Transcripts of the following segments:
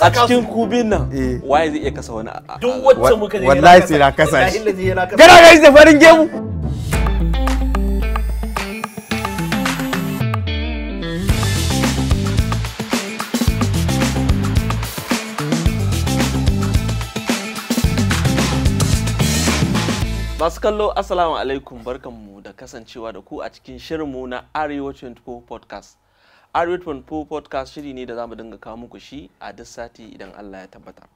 a cikin kubin nan eh. waye zai iya kasa wani a duk wacce muka je wallahi sai na kasa shi gara ga da farin gemu Masu kallo Assalamu alaikum barkanmu da kasancewa da ku a cikin shirinmu na Arewa 24 podcast. Arrowhead Po podcast shiri ne da zamu dinga kawo muku shi a duk sati idan Allah ya tabbatar.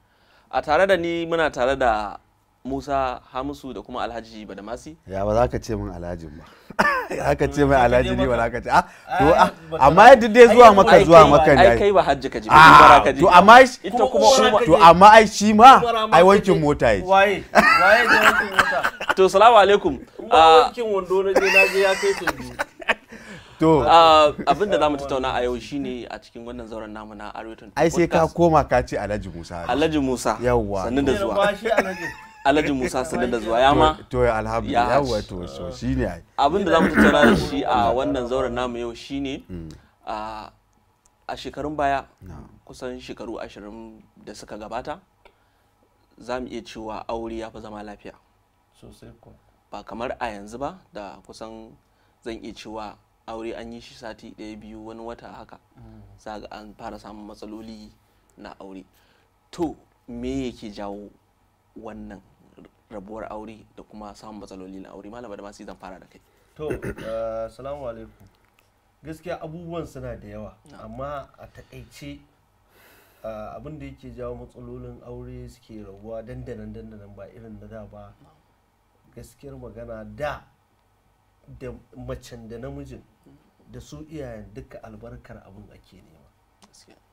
A tare da ni muna tare da Musa Hamisu da kuma Alhaji Badamasi. Ya ba za ka ce min Alhaji ba. ka ce mai hmm, Alhaji ne ba za ka ce. Ah, ah, ah, amma yadda dai zuwa maka zuwa maka ne. Ai kai ba hajji ka ji. To amma ita kuma to amma ai shi ma ai wankin mota yake. Waye waye da wankin mota. To salamu alaikum. wankin wando na je na je ya kai su biyu. to ah, abin da zamu tattauna a yau shine a cikin wannan zauren namu na Arewacin ai sai ka koma ka ce Alhaji Musa Alhaji Musa Yawwa. sannan da zuwa Alhaji Musa sannan da zuwa yama to ya alhamdu. Yawwa to so shine ai abin da zamu tattauna da shi a wannan zauren namu yau shine mm. a shekarun baya kusan shekaru ashirin da suka gabata za mu iya cewa aure ya fi zama lafiya ba kamar a yanzu ba da kusan zan iya cewa aure an yi shi sati ɗaya biyu wani wata haka mm. za an fara samun matsaloli na aure to me yake jawo wannan rabuwar aure da kuma samun matsaloli na aure malama da masu zan fara da kai to uh, salamu alaikum gaskiya abubuwan suna da yawa amma a takaice uh, abin da yake jawo matsalolin aure suke rabuwa dandanan dandanan ba irin na da ba gaskiyar magana da da macen da namijin da su iyayen duka albarkar abin ake nema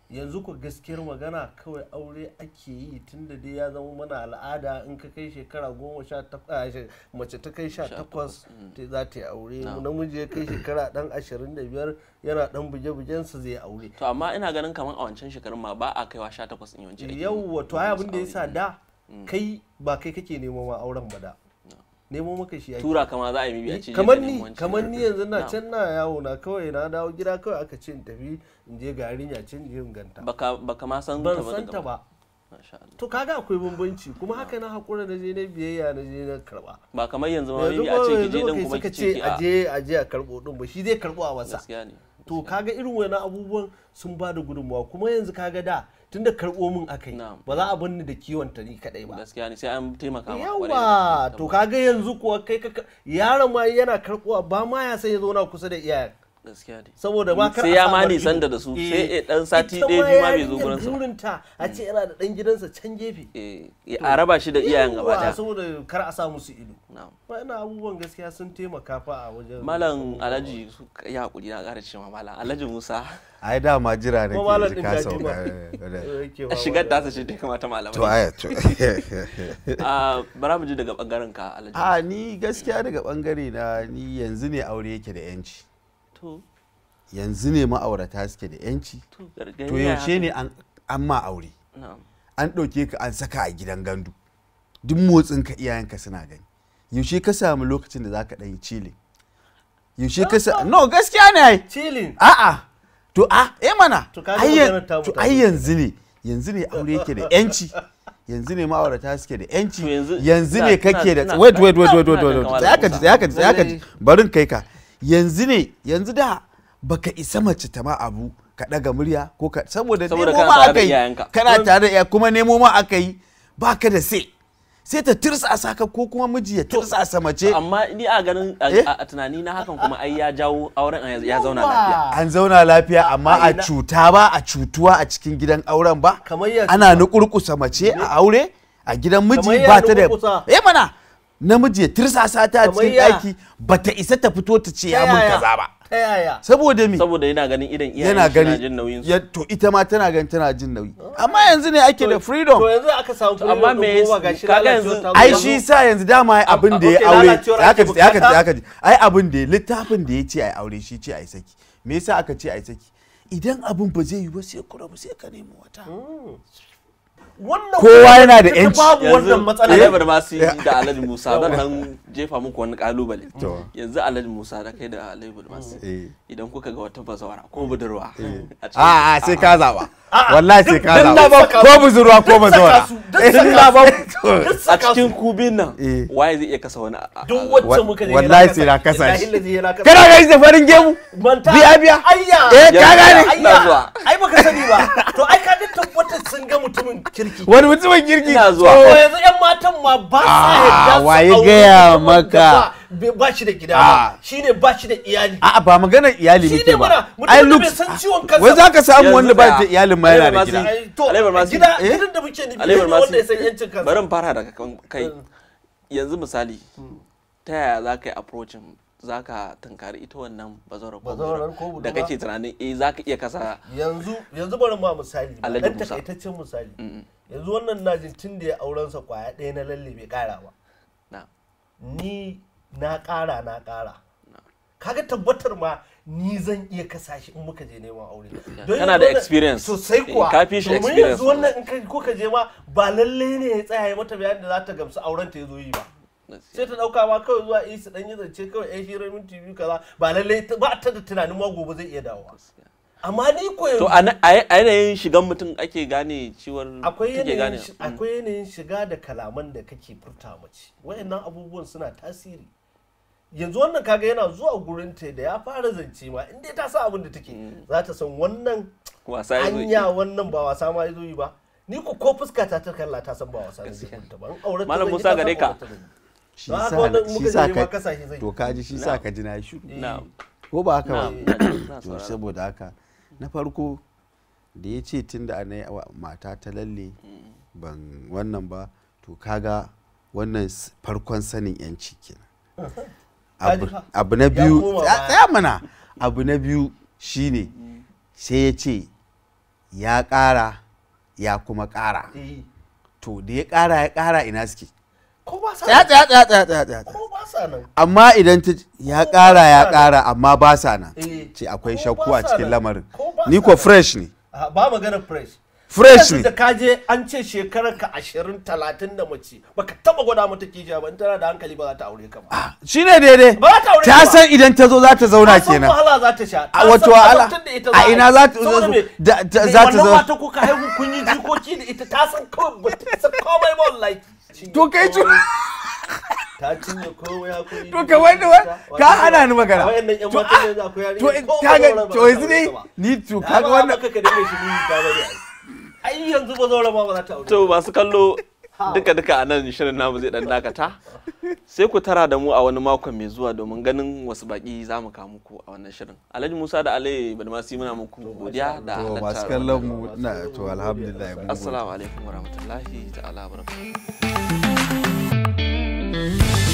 yanzu ku gaskiyar magana kawai aure ake yi tunda dai ya zama mana al'ada in ka kai shekara goma sha takwas mace ta kai sha takwas mm. ta za ta yi aure namiji ya kai shekara dan ashirin da biyar yana dan buge-bugensa zai aure to amma ina ganin kamar a wancan shekarun ma ba a kaiwa sha takwas in yawanci yawwa to ai abin da ya sa da mm. kai ba kai kake neman auren ba da nemo maka shi tura kama za a yi mibi a cikin kamar ni kamar ni yanzu na can na yawo na kawai na dawo gida kawai aka ce in tafi in je garin ya ce in je in ganta baka baka ma san ban san ta ba to kaga akwai bambanci kuma haka na hakura na je na biyayya na je na karba ba kamar yanzu ma mibi a ce ki je dan kuma ki ce a je a je a karbo din ba shi zai karbo a wasa to kaga irin wani abubuwan sun ba da gudunmawa kuma yanzu kaga da tunda karɓo min aka yi ba za a bar ni da kiwon ta ni kadai ba gaskiya ne sai an taimaka ma yawa to kaga yanzu kuwa kai ka. yaron ma yana karɓowa ba ma ya san ya zauna kusa da iyaye gaskiya ne saboda ba sai ya mani sanda da su eh, sai ya dan sati ɗaya biyu ma bai zo gurin sa burinta a ce hmm. yana da dan gidansa can gefe eh, a raba shi da iyayen gaba daya saboda kar a sa musu ido wannan abubuwan gaskiya sun taimaka fa a wajen malam Alhaji su ya hakuri na ƙara cewa malam Alhaji Musa ai da ma jira ne ke ji ka sauka a shigar da shi ta kamata malamai to aya to a ah, bara mu ji daga bangaren ka Alhaji ah, a ni gaskiya daga bangare na ni yanzu ne aure yake da yanci yanzu ne ma'aurata suke da yanci to yaushe ne an ma aure an ɗauke ka an saka a gidan gandu duk motsin ka iyayenka suna gani yaushe ka samu lokacin da zaka ɗan yi yaushe ka sa no gaskiya ne ai a'a to a eh mana to ai yanzu ne yanzu ne aure yake da yanci yanzu ne ma'aurata suke da yanci yanzu ne kake da wait wait wait wait wait wait wait wait wait wait wait wait wait wait wait wait kai ka yanzu ne yanzu da baka isa mace ta ma abu ka daga murya ko ka saboda nemo ma aka yi kana tare da kuma nemo ma aka yi baka da sai sai ta tirsasa ka ko kuma miji ya tirsasa mace amma ni a ganin a eh? tunani na hakan kuma ai ya jawo auren ya zauna lafiya an zauna lafiya amma a cuta ba a cutuwa a cikin gidan auren ba ana nukurkusa mace a aure a gidan miji ba ta da eh mana namiji ya tirsasa ta a cikin ɗaki ba ta isa ta fito ta ce ya mun kaza ba saboda me saboda yana ganin idan iyayen yana jin nauyin su to ita ma tana ganin tana jin nauyi amma yanzu ne ake da freedom to yanzu aka samu freedom amma me kaga yanzu ai shi sa yanzu dama abin da ya aure haka haka haka ai abin da littafin da ya ce ai aure shi ce ai saki me yasa aka ce ai saki idan abin ba zai yi ba sai ku rabu sai ka nemi wata hmm. kowa yana da yanci babu wannan matsala yanzu bar ma yi da Alhaji Musa zan nan jefa muku wani kalubale yanzu Alhaji Musa da kai da Alhaji Bulmas eh. idan kuka ga wata bazawara ko budurwa eh. a a sai ka zaba wallahi sai ka zaba ko budurwa ko bazawara eh, a cikin kubin nan waye zai iya kasa wani duk wacce muka ne wallahi sai na kasa shi kana ga shi da farin gemu biya biya eh ka gane ai baka sani ba sun ga mutumin kirki wani mutumin kirki ina zuwa to ah. yanzu yan matan ma ba sa ah, yadda su waye gaya maka ba shi da gida ba ah. ne ba shi da iyali a'a ba magana iyali ke ba ai look wai ka samu wanda ba da iyalin ma yana da gida to gida eh? gidan da muke nufi wanda ya san yancin kansa bari fara daga kai hmm. yanzu misali hmm. ta yaya za ka yi approaching za ka tankari ita wannan bazarar ko da kake tunanin eh za ka iya kasa yanzu yanzu bari ma misali dan takaitaccen misali yanzu wannan najin tun da ya auren sa kwaya ɗaya na lalle bai ƙara ba ni na ƙara na ƙara kaga tabbatar ma ni zan iya kasa shi in muka je neman aure kana da experience sosai eh, kuwa ka fi shi experience domin yanzu wannan in ko ka je ma ba lalle ne ya tsaya mata bayan da za ta gamsu auren ta ya zo yi ba sai ta dauka ma kawai zuwa isa dan yi zance kawai yan hirar minti biyu kaza ba lallai ba ta da tunanin ma gobe zai iya dawowa amma ni ko to a yanayin shigan mutum ake gane ciwar akwai yanayin akwai mm. yanayin shiga da kalaman da kake furta mace wayannan abubuwan suna tasiri yanzu wannan kaga yana zuwa gurin ta da ya fara zance ma inda ta sa abin da take mm. za ta san wannan hanya wannan ba wasa ma yazo yi ba ni ko ko fuska ta ta kalla ta san ba wasa ne ta aure ta malam Musa gare ka shi sa ka to kaji shi sa ka ji na shi eh. ko ba haka ba eh. to saboda haka na farko da ya ce tun da ana mata ta lalle hmm. ban wannan ba to kaga wannan farkon sanin yanci kenan abu na biyu tsaya mana abu na biyu shine hmm. sai ya ce ya kara ya kuma kara eh. to da ya kara ya kara ina suke tsaya tsaya tsaya tsaya tsaya tsaya amma idan ta ya kara ya kara amma ba sa nan eh, ce akwai shakku a cikin lamarin ni ko fresh ne ah, ba magana fresh fresh ne da ka je an ce shekarar ka 20 30 da mace baka taba gwada mata kija ba tana da hankali ba za ta aure ka ba ah, shine daidai ba za ta aure ta san idan ta zo za ta zauna kenan wahala za ta sha wato wahala a ina za ta zo za ta zo wannan mata ko ka haihu kun yi jikoki da ita ta san kawai ba ta san komai ba wallahi cinye to kai ju ta cinye komai to ka wanda ka ni magana wayannan yan mata to ka ga to yanzu ni to ka ga wannan ai yanzu ba zo rama ba za ta aure to kallo duka duka a nan shirin namu zai dan dakata sai ku tara da mu a wani makon mai zuwa domin ganin wasu baki za mu kawo muku a wannan shirin alhaji musa da alayi yi muna muku godiya da halatta masu kallon mu na to alhamdulillah mu assalamu alaikum warahmatullahi ta'ala barakatuh